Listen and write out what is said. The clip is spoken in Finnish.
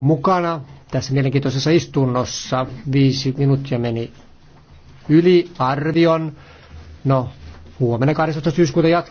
mukana tässä mielenkiintoisessa istunnossa. Viisi minuuttia meni yli arvion. No, huomenna 12. syyskuuta jatketaan.